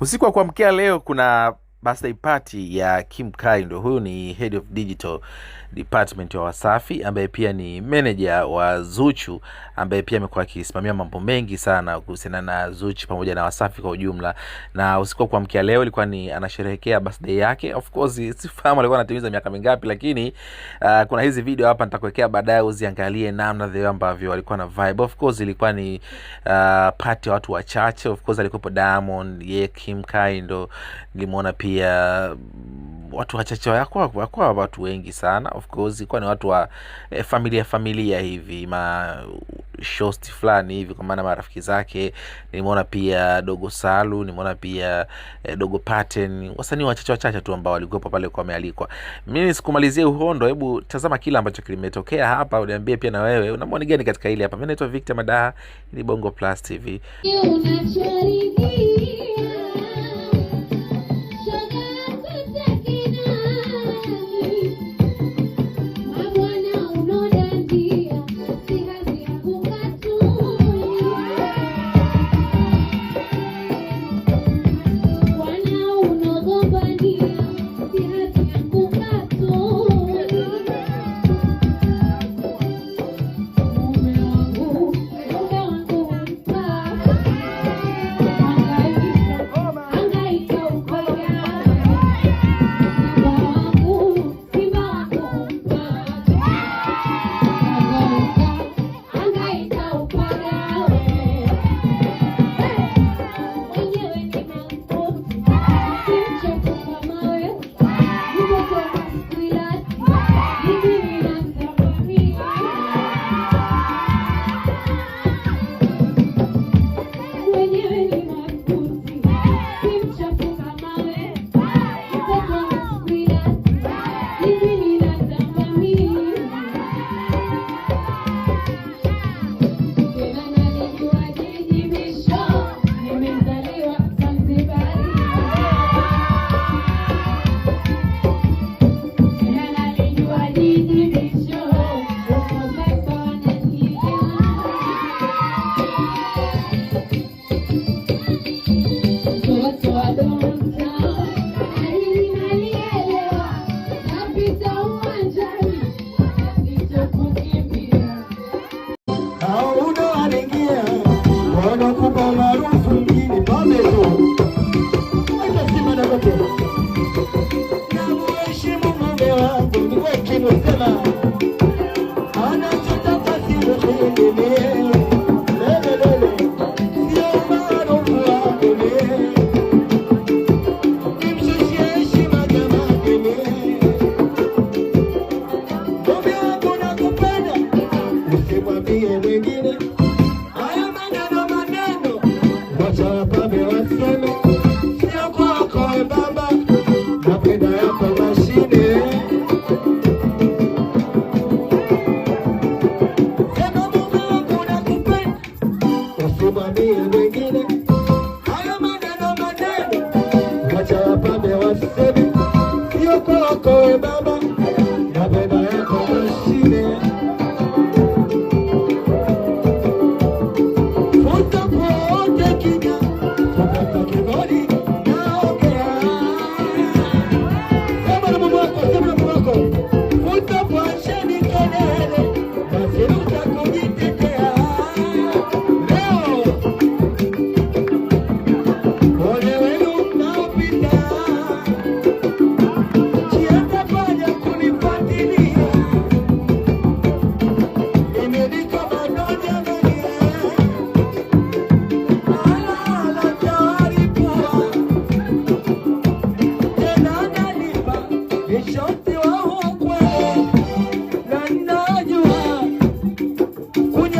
usiku wa kuamkia leo kuna birthday party ya Kim Kaindo. Huyu ni head of digital department wa Wasafi ambaye pia ni manager wa Zuchu ambaye pia amekuwa akisimamia mambo mengi sana kuhusiana na Zuchu pamoja na Wasafi kwa ujumla. Na usiku wa kuamkia leo ilikuwa ni anasherehekea birthday yake. Of course sifahamu alikuwa anatimiza miaka mingapi, lakini uh, kuna hizi video hapa nitakuwekea baadaye uziangalie namna the ambavyo walikuwa na vibe. Of course ilikuwa ni uh, party ya watu wachache. Of course alikuwa Diamond, ye Kim Kaindo nilimwona pia ya mm, watu wachache wakuwa watu wengi sana of course ilikuwa ni watu wa eh, familia familia hivi ma shosti fulani hivi kwa maana marafiki zake nimeona pia dogo salu nimeona pia eh, dogo paten wasanii wachache wachache tu ambao walikuwepo pale kwa wamealikwa mimi sikumalizie uhondo hebu tazama kile ambacho kilimetokea hapa uniambie pia na wewe una gani katika hili hapa mi naitwa victor madaha ni bongo plus tv 我见了。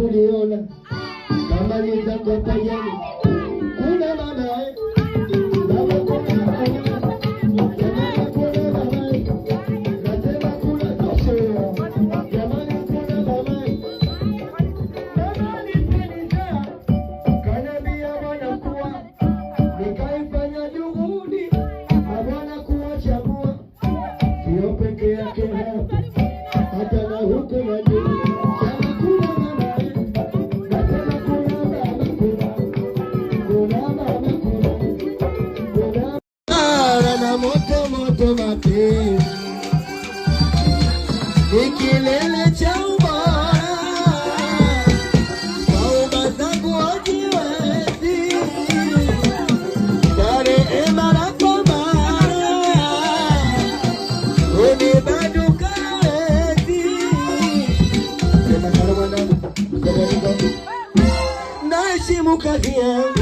Guliola, Mamalita nunca vieram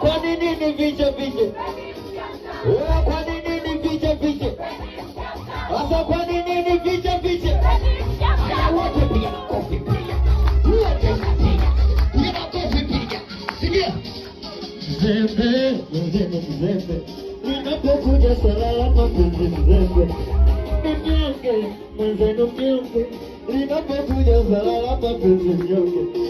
Kwa nini ni viche viche? Oh, kwa nini ni viche viche? Sasa kwa nini ni viche viche? Wote pia makofi pia. Wote pia makofi pia. Sikia. Mzembe, mzembe, mzembe. Ninapokuja salama mzembe mzembe. Mnyonge, mwenzenu mnyonge. Ninapokuja salama mzembe mnyonge.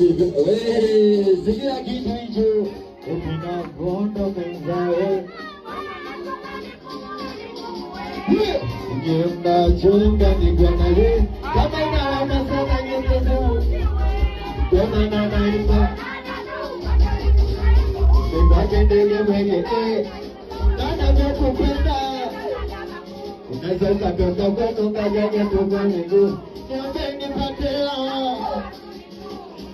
Ziggy Twiju, if you not want to make that Nhiệm đã chúng ta đi quên này đi Cảm ơn nào đã xa thế dù Cảm ơn nào đã đi xa Đừng nói trên em đi Đã đã biết không biết ta Hôm nay sẽ sẵn đâu có chúng ta ra nhận thuộc quan này vui Nhớ bên đi phát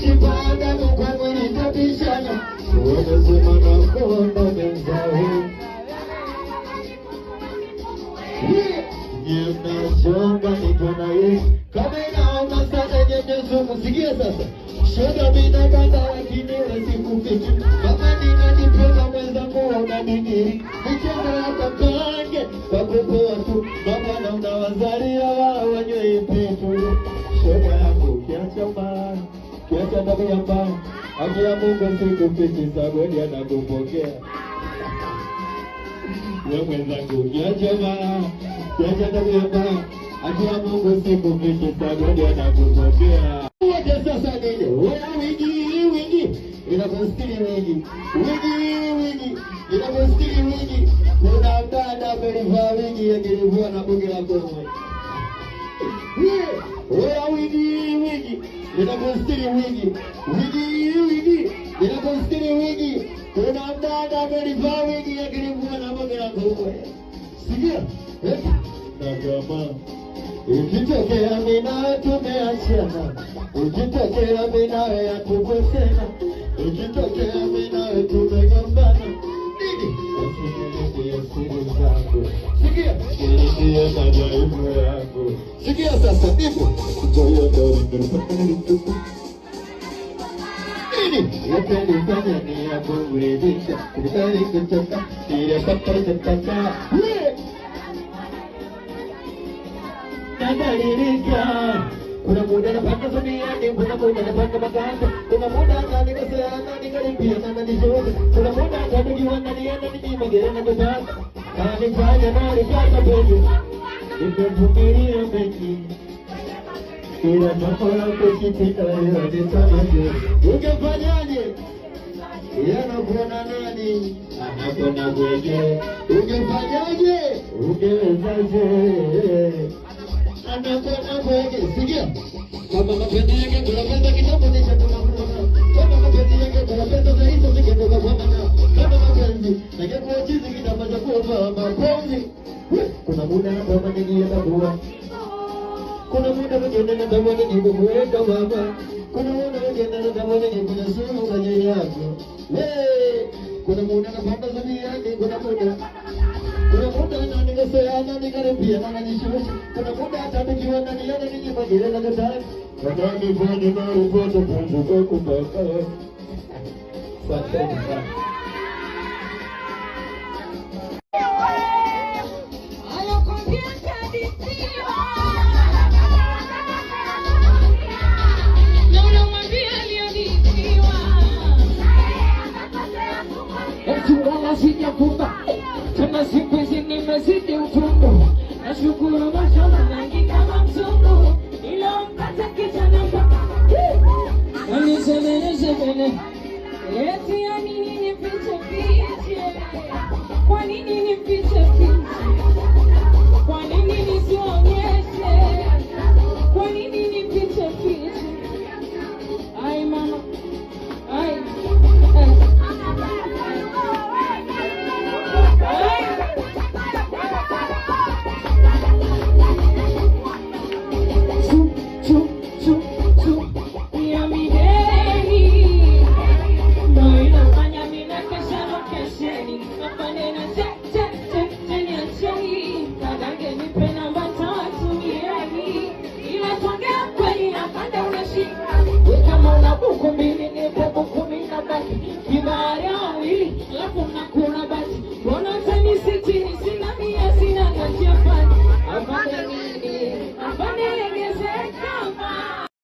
chipada no comunista pichana Toda semana corta mensal Yine şonga nikonayı Kamera olmasa ne geliyorsun? Sigiyorsun. Şöyle bir de kadar kimine sikufik Kamera kwamba haki ya Mungu si kupitisha anakupokea we mwenzangu, yache mbaya, Haki ya Mungu si kupitisha anakupokea wote. Sasa nini wewe, wingi wingi inakusikiri wingi wingi wingi inakusikiri wingi, unakaa na belivaa wingi yakilivua na bunge la Kongo wewe wingi wingi inakustiri wigi wigi wigi inakustiri wigi kuna mdada amelivaa wigi yakilivua na moja ya nguo sikia nagama ukitokea mina tumeachana ukitokea minawe yakukosena ukitokea minawe tumegombana nini usinililie siri zangu sikia nililie majaibu yako Sikia sasa ndivyo kutoa dawa ndio yakalifanya ni ya kuridhisha serikali kutoka iliyopataikatata nadalilika kuna muda napanga duniani kuna muda napanga maganda kuna muda kanikaseana nikalipiana nanijoza kuna muda kadugiwananiana nimimagirana kupata kanifanya nalipata penye Nimemvumilia mengi, ila mambo yako sipita, ila nisamehe. Ungefanyaje? Yanakuona nani? Anakuona kweke. Ungefanyaje? Ungewezaje? Anakuona kweke. Sikia, kama mapenzi yake tunapenda kitambo, nisha tunakuona. Kama mapenzi yake tunapenda zaidi, sikitoka kwa mana. Kama mapenzi, ningekuwa chizi kitambo cha kuomba mapenzi kuna muda kama nijia babua kuna muda mjendana kama nijibubueka baba kuna muda mjendana kama nijibunasuru kanye yako kuna muda napanda zuri yake kuna muda kuna muda na ningeseana nikaribia na najishusha kuna muda hata nikiwa ndani yana nijimajira na gatari wanani vani na rupoto pumbu kwa kubaka Thank you. sijakufa tena, siku hizi nimezidi uchungu, nashukuru mashauri mengi kama mzungu ilomkata kijana mpaka anisemene semene eti ya nini nifiche fiche